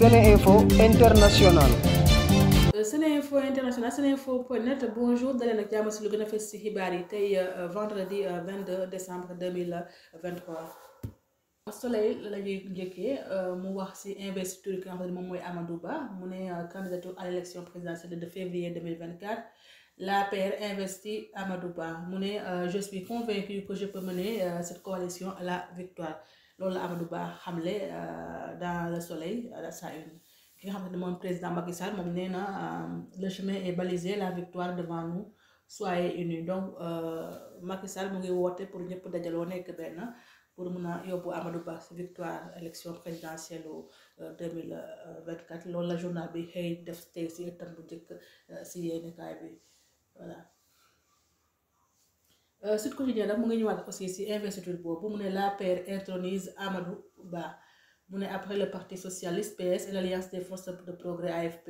Sénéinfo International. Euh, Sénéinfo International Sénéinfo point net bonjour daleen ak jàmm si lu gën a fës si xibaar yi tey euh, vendredi 22 euh, décembre 2023. soleil la ñuy njëkkee mu wax ci investiture ki nga xam ne moom mooy Amadou Ba mu ne candidature à l'élection présidentielle de février 2024 l'APR investi Amadou Ba mu ne je suis convaincu que je peux mener cette coalition à la victoire loolu la Amadou baax xamle euh, dans le soleil à sa une ki nga xamante ne moom président Macky Sall moom nee na euh, le chemin est balisé la victoire devant nous soyez unis donc euh, Macky Sall mu ngi woote pour ñëpp dajaloo nekk benn pour mun a yóbbu Amadou Ba si victoire élection présidentielle 2024 loolu la journal bi xëy def tey si ëttam bu njëkk si yéenekaay bi voilà. Euh, Sud Quotidien mu ngi ñëwaat aussi si investiture boobu mu ne l'APR intronise Amadou Ba mu ne après le parti socialiste PS et l'alliance des forces de progrès AFP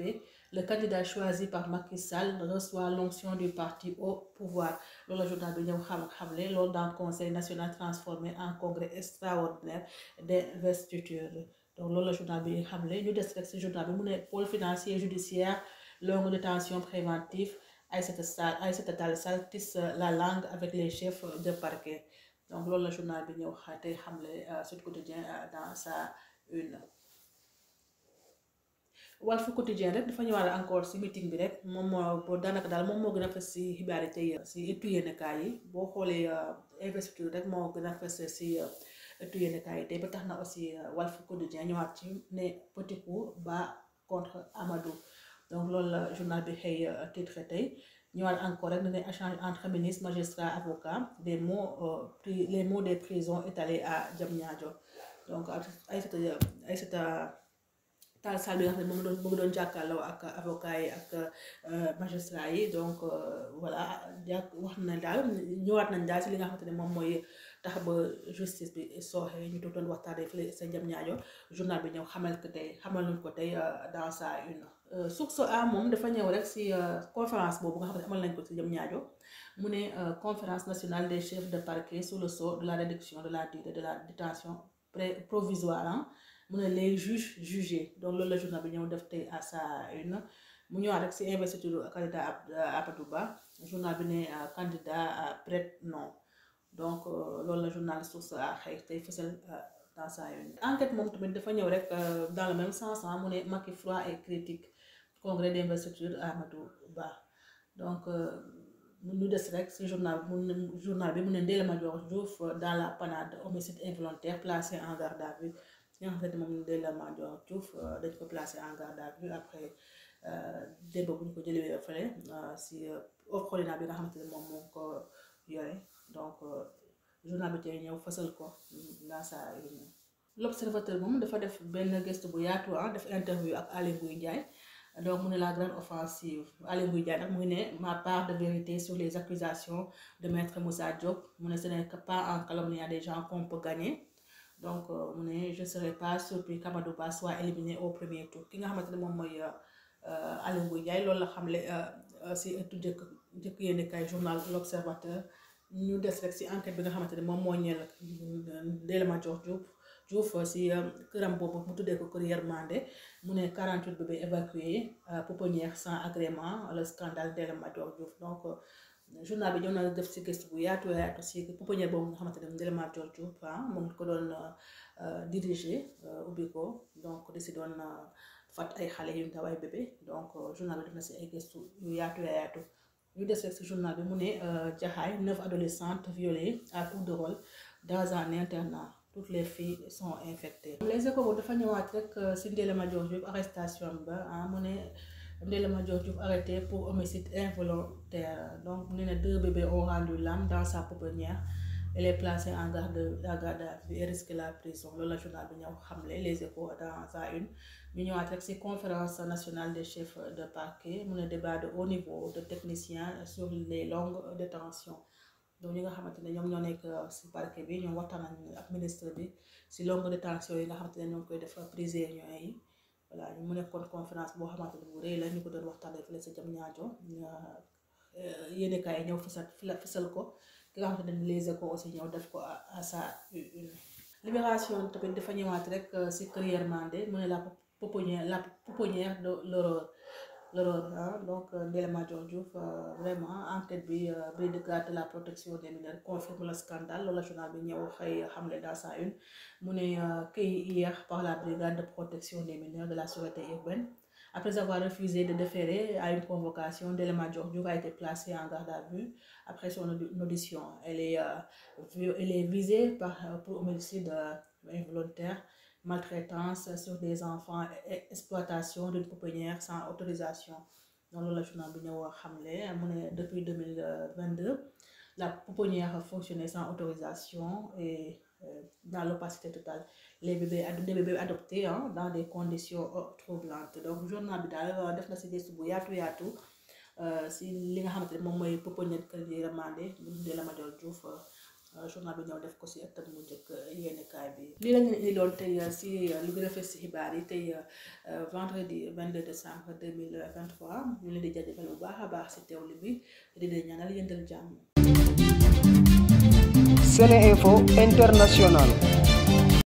le candidat choisi par Macky Sall reçoit l'onction du parti au pouvoir loolu la journal bi ñëw xam ak xamle loolu dans conseil national transformé en congrès extraordinaire d'investiture donc loolu la journal bi xamle ñu des rek ci journal bi mu ne pôle financier judiciaire longue détention Aïssata Sall Aïssata Tall Sall tisse la langue avec les chefs de parquet donc loolu la journal bi ñëw tey xamle euh, Sud Quotidien euh, dans sa une Walf Quotidien rek dafa ñëwaale encore si meeting bi rek moom moo daanaka daal moom moo gën a fës si xibaar yi tey si ëttu yéenekaay yi boo xoolee euh, investiture rek moo gën a fës si ëttu yéenekaay yi tey ba tax na aussi Walf Quotidien ñëwaat ci ne petit coup ba contre Amadou donc loolu la journal bi xëy euh, titre tey ñëwaat encore rek dinañ échange entre ministre magistrat avocat des mots euh, les mots des prisons étalés à Diamniadio donc ay Aïssata Tall Sall bi nga xam ne mu ngi doon jàkkaarloo ak avocat yi ak euh, magistrat yi donc voilà jàkk wax na daal ñëwaat nañ daal si li nga xamante ne moom mooy tax ba justice bi sooxee ñu doon waxtaanee fële sa Diamniadio journal bi ñëw xamal ko tey xamal ko tey dans sa une. Euh, Source A moom dafa ñëw rek ci euh, conférence boobu nga xam ne amal nañ ko ci jëm ñaajo mu ne euh, conférence nationale des chefs de parquet sous le sceau de la réduction de la durée de la détention provisoire mu ne les juges jugés donc loolu la journal bi ñëw def tey à sa une mu ñëwaat rek ci investiture candidat Amadou Ba journal bi ne candidat prête non donc loolu la journal Source A xëy tey fësal dans sa une enquête moom tamit dafa ñëw rek dans le même sens mu ne Macky froid et critique congrès d'investiture Amadou Ba donc euh, nu des rek ci journal journal bi mu ne Ndella Madior Diouf dans la panade homicide involontaire placé en garde à nga xamante ne moom Ndella Madior Diouf euh, dañ ko placé en garde à vue euh, ko jëlee fële si orphelinat bi nga xamante ne moom moo ko yore donc journal ko dans sa réunion. moom dafa def benn gëstu bu yaatu ah def interview ak Aly Ngouille Ndiaye. donc mu ne la grande offensive Aly Ngouille Ndiaye nag mu ne ma part de vérité sur les accusations de maître Moussa Diop mu ne ce n'est que pas en calomniant des gens qu'on peut gagner donc euh, mu ne je serais pas surpris qu'Amadou Ba soit éliminé au premier tour ki nga xamante ne moom mooy euh, euh, Aly Ngouille Ndiaye loolu la xamle si ëttu jëkk jëkk yéen kay journal l'Observateur ñu des rek si enquête bi nga xamante ne moom moo ñeel Ndella Madior Diop Diouf si um, këram mu tuddee ko kër Yermande mu ne 48 bébé évacué pouponnière sans agrément le scandale euh, journal bi ñëw na def si gëstu bu yaatu yaatu si pouponnière boobu nga xamante ne ah, ko doon dirigé di si doon fat ay xale yu ndaw ay bébé donc euh, journal bi def na si ay gëstu ñu des rek si journal bi mu ne euh, Jaxaay neuf adolescentes violées à coups de rôle dans un internat. toutes les filles sont infectées. les échos dafa ñëwaat rek euh, si Ndella Madior Diouf arrestation ba ah mu ne Ndella Madior Diouf arrêté pour homicide involontaire donc mu ne deux bébés ont rendu l'âme dans sa pouponnière elle est placée en garde à garde à vue et la prison loolu la journal bi ñëw xamle les échos dans sa une ñu ñëwaat rek si conférence nationale des chefs de parquet mu ne débat de haut niveau de techniciens sur les longues détentions donc ñi nga xamante ne ñoom ñoo nekk euh, si parquet bi ñoom waxtaan ak ministre bi si longue détention yi nga xamante ne ñoo ngi koy def euh, prisonniers yi voilà ñu mu nekkoon conférence boo xamante ne bu la ñu ko doon waxtaanee fële sa jam ñaajo euh, yéen kaay ñëw fësal fësal ko ki nga xamante ne les échos aussi ñëw def ko à libération tamit dafa ñëwaat rek si Kër Yërmande mu ne la pouponnière la pouponnière de l'horreur ah, donc euh, Ndella Madior Diouf euh, vraiment enquête bi euh, brigade de la protection des mineurs confirme le scandale loolu la journal bi ñëw xëy xamle dans sa une mu ne kay hier par la brigade de protection des mineurs de la sûreté urbaine après avoir refusé de déférer à une convocation Ndella Madior Diouf a été placée en garde à vue après son audition elle est visée par pour homicide involontaire maltraitance sur des enfants et e, exploitation d'une pouponnière sans autorisation loolu la journal bi ñëw xamle mu ne depuis deux 2022 la pouponnière fonctionnait sans autorisation et euh, dans l'opacité totale les bébés des bébés adoptés hein, dans des conditions euh, troublantes donc journal bi daal euh, def na si des bu yaatu yaatu si li nga xamante ne moom mooy pouponnière Kër Yirmandé bu dee la Madior Diouf Euh, journal bi ñëw def ko si ëttam mu njëkk euh, yéenekaay bi lii la ñu indi loon tey euh, si lu gën a fës si xibaar yi tey vendredi 22 décembre fois ñu leen di jaajëfal bu baax a baax si teewlu bi di leen ñaanal yëndal jàmm Sene Info International